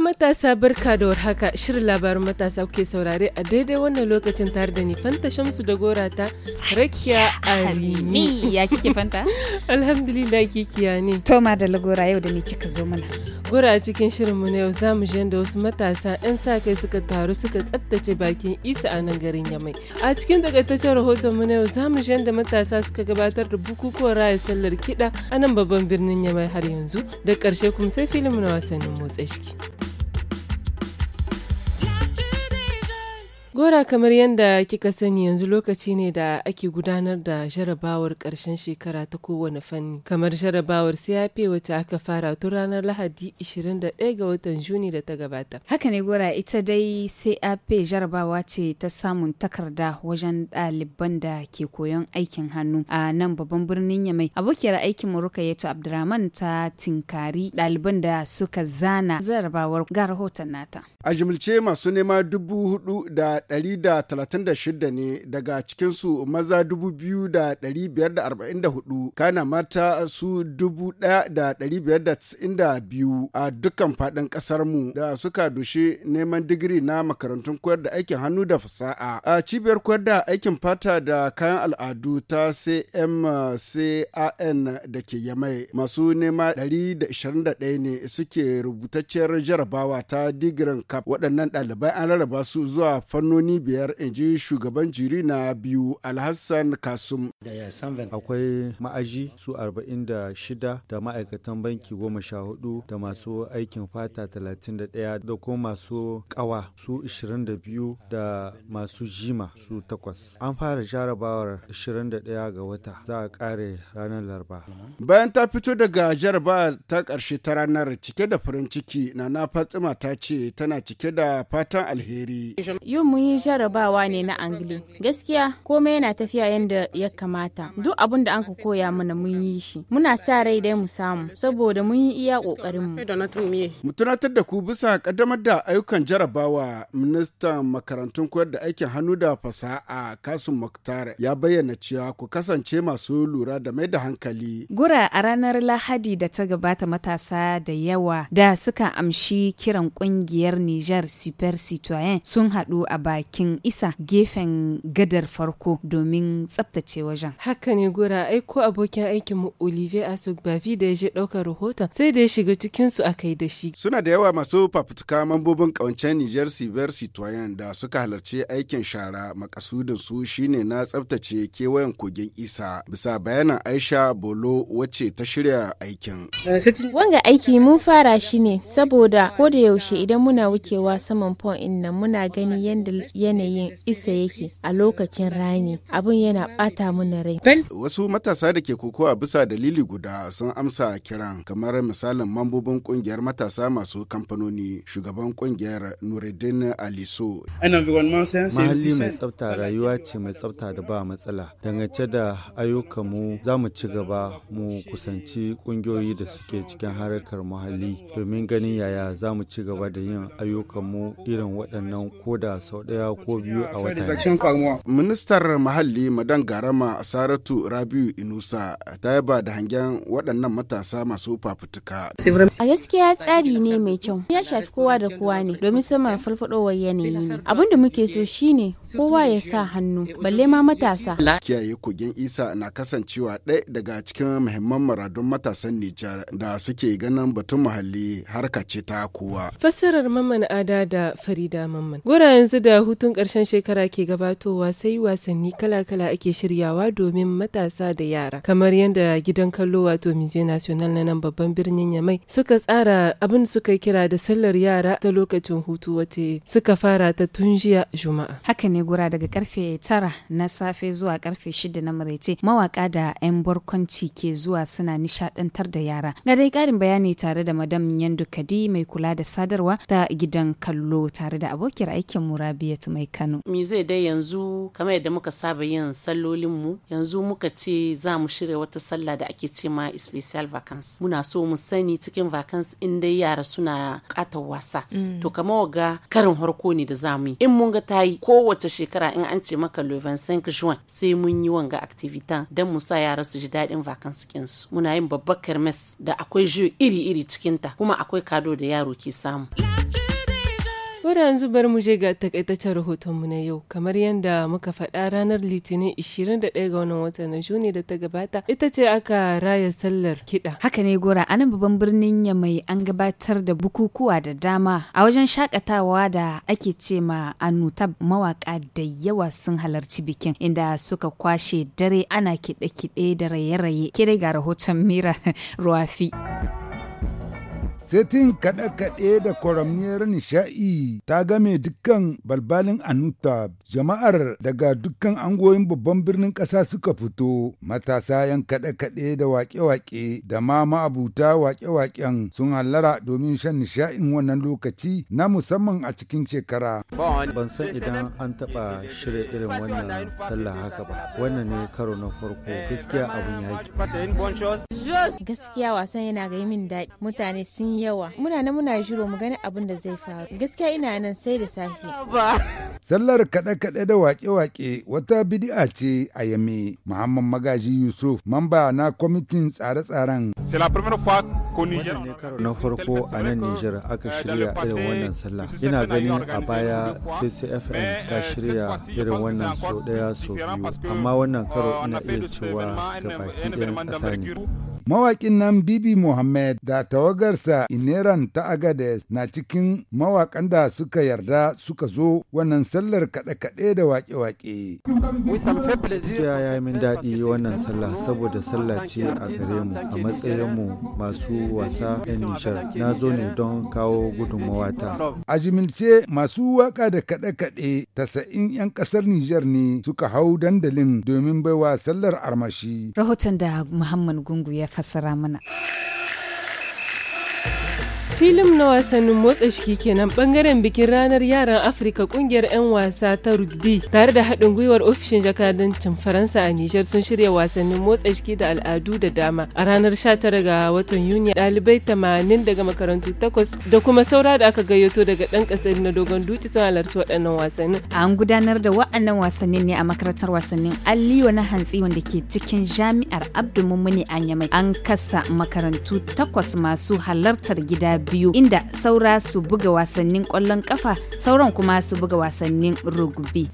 matasa barka da haka shirin labarin matasa kuke saurare a daidai wannan lokacin tare da ni Fanta Shamsu da Gora ta Rakiya Arimi. Ya kike Fanta? Alhamdulillah kikiya ne. Toma da Lagora yau da me kika zo mana? Gora a cikin shirinmu na yau za mu je da wasu matasa 'yan sa kai suka taru suka tsabtace bakin isa a nan garin Yamai. A cikin takaitaccen rahoton mu na yau za mu je da matasa suka gabatar da bukukuwan raya sallar kiɗa a nan babban birnin Yamai har yanzu. Da ƙarshe kuma sai filin na wasannin motsa ciki. Gora kamar yadda kika sani yanzu lokaci ne da ake gudanar da jarabawar ƙarshen shekara ta kowane fanni. Kamar jarabawar siyafe wacce aka fara tun ranar Lahadi 21 ga watan Juni da ta gabata. Haka ne Gora ita dai CAP jarabawa ce ta samun takarda wajen ɗaliban da ke koyon aikin hannu a nan babban birnin Yamai. Abokiyar aikin Muruka Yato Abdurrahman ta tinkari ɗaliban da suka zana jarabawar ga rahoton nata. A jimilce masu nema dubu hudu da 136 ne daga cikinsu maza 2,544 kana mata su 1,592 a dukkan faɗin ƙasarmu da suka dushe neman digiri na makarantun koyar da aikin hannu da fasa'a. A cibiyar koyar da aikin fata da kayan al'adu ta CMCAN da ke Yamai masu nema 121 ne suke rubutacciyar jarabawa ta digirin kap waɗannan ɗalibai an rarraba su zuwa fannoni fannoni biyar in ji shugaban jiri na biyu alhassan kasum akwai ma'aji su 46 da ma'aikatan banki 14 da masu aikin fata 31 da kuma masu kawa su 22 da masu jima su 8 an fara jarabawar 21 ga wata za a kare ranar laraba bayan ta fito daga jaraba ta ƙarshe ta ranar cike da farin ciki na na fatima ta ce tana cike da fatan alheri yau mun yi jarabawa ne na angli gaskiya komai yana tafiya yadda ya kamata duk abin da ka koya mana mun yi shi muna sa rai dai mu samu saboda mun yi iya kokarin mu tunatar da ku bisa kaddamar da ayyukan jarabawa ministan makarantun koyar da aikin hannu da fasaha kasum muktar ya bayyana cewa ku kasance masu lura da mai da hankali gura a ranar lahadi da ta gabata matasa da yawa da suka amshi kiran kungiyar niger super citoyen sun haɗu a bakin isa gefen gadar farko domin tsabtace wajen. Haka ne gura aiko abokin aikinmu Olivier Asok Bavi da ya je ɗaukar rahoton sai da ya shiga cikinsu a kai da shi. Suna da yawa masu fafutuka mambobin ƙawancen Niger Siver Citoyen da suka halarci aikin shara makasudin su shine na tsabtace kewayen kogin isa bisa bayanan Aisha Bolo wacce ta shirya aikin. Wanga aiki mun fara shi ne saboda ko da yaushe idan muna wucewa saman pond nan muna gani yadda yanayin isa yake a lokacin rani abun yana bata mana rai. Wasu matasa da ke kokowa bisa dalili guda sun amsa kiran kamar misalin mambobin kungiyar matasa masu kamfanoni shugaban kungiyar nureddin Aliso. Mahalli mai tsafta rayuwa ce mai tsafta da ba matsala. Dangance da mu za mu ci gaba mu kusanci kungiyoyi da suke cikin harkar muhalli domin ganin yaya za mu ci gaba da yin ayyukan mu irin waɗannan koda sau ɗaya ko biyu a wata. Ministar Muhalli Madan Garama Saratu Rabiu Inusa ta yaba da hangen waɗannan matasa masu fafutuka. A gaskiya tsari ne mai kyau. Ya shafi kowa da kowa ne domin sama farfadowar yanayi ne. Abin da muke so shine kowa ya sa hannu balle ma matasa. Kiyaye kogin Isa na kasancewa ɗaya daga cikin muhimman maradun matasan Nijar da suke ganin batun muhalli harka ce ta kowa. Fassarar Mamman Ada da Farida Mamman. Gora yanzu da da hutun ƙarshen shekara ke gabatowa sai wasanni kala-kala ake shiryawa domin matasa da yara kamar yadda gidan kallo wato musée national na nan babban birnin yamai suka tsara abin suka kira da sallar yara ta lokacin hutu wace suka fara ta tun jiya juma'a haka ne gura daga karfe tara na safe zuwa karfe shida na maraice mawaka da 'yan barkwanci ke zuwa suna nishadantar da yara ga dai karin bayani tare da madam yandu kadi mai kula da sadarwa ta gidan kallo tare da abokiyar aikin murabi rabiyatu mai kano mi zai dai yanzu kamar yadda muka saba yin sallolin mu yanzu muka ce za mu shirya wata sallah da ake ce ma special vacancy muna so mu sani cikin vacancy in dai yara suna katar wasa mm. to kamar waga karin harko ne da za mu yi in mun ga tayi kowace shekara in an ce maka le 25 juin sai mun yi wanga activitan dan mu sa yara su ji daɗin vacancy kinsu muna yin babbar kermes da akwai jiyo iri-iri cikinta kuma akwai kado da yaro ke samu. To da yanzu bari mu je ga takaitaccen rahotonmu na yau kamar yadda muka faɗa ranar litinin 21 ga wannan watan na Juni da ta gabata ita ce aka raya sallar kiɗa. Haka ne gora a nan babban birnin Yamai an gabatar da bukukuwa da dama a wajen shakatawa da ake ce ma Anutab mawaka da yawa sun halarci bikin inda suka kwashe dare ana kiɗe-kiɗe da raye-raye. Kire ga rahoton Mira Ruwafi. Setin kaɗe-kaɗe da kwaramniyar nishaɗi ta game dukkan balbalin Anuta, jama'ar daga dukkan angoyin babban birnin ƙasa suka fito, matasa yan kaɗe-kaɗe da waƙe-waƙe da ma ma'abuta waƙe-waƙen sun hallara domin shan nishaɗin wannan lokaci na musamman a cikin shekara. Ban san idan an taɓa shirya irin wannan sallah haka ba, wannan ne karo na farko gaskiya abin yaki. Gaskiya wasan yana ga min daɗi, mutane sun yawa muna na muna jiro mu gani abin da zai faru gaskiya ina nan sai da safe sallar kaɗe-kaɗe da wake-wake wata bidi'a ce a yame muhammad magaji yusuf mamba na kwamitin tsare-tsaren wannan ne karo na farko a nan nijar aka euh, shirya irin wannan sallah ina ganin a baya ccfm ta euh, shirya irin wannan sau daya sau biyu amma wannan karo euh, ina iya cewa ga baki ɗayan ƙasa ne Mawaƙin nan Bibi Mohammed da tawagarsa Ineran ta Agades na cikin mawaƙan da suka yarda suka zo wannan sallar kaɗe-kaɗe da waƙe-waƙe. Gaskiya ya yi min daɗi wannan sallah saboda sallah ce a gare mu a matsayin mu masu wasa ɗan nishar. Na zo ne don kawo gudunmawata. A jimilce masu waƙa da kaɗe-kaɗe tasa'in 'yan ƙasar Nijar ne suka hau dandalin domin baiwa sallar armashi. Rahoton da Muhammad Gungu ya fassara mana. filin na wasannin motsa shi kenan bangaren bikin ranar yaran afirka kungiyar 'yan wasa ta rugby tare da haɗin gwiwar ofishin jakadancin faransa a nijar sun shirya wasannin motsa shi da al'adu da dama a ranar 19 ga watan yuni ɗalibai 80 daga makarantu takwas da kuma saura da aka gayyato daga ɗan ƙasar na dogon dutse sun halarci waɗannan wasannin an gudanar da wa'annan wasannin ne a makarantar wasannin aliyu na hantsi wanda ke cikin jami'ar abdul mummuni an an kasa makarantu takwas masu halartar gida biyu inda saura su buga wasannin kwallon kafa sauran kuma su buga wasannin rugby.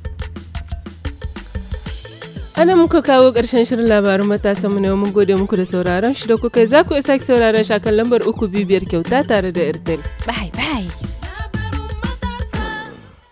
ana muka kawo ƙarshen shirin labarin matasan mu ne mun gode muku da sauraron shi da kuka za ku isa ki sauraron shakan lambar uku bibiyar kyauta tare da airtel bye bye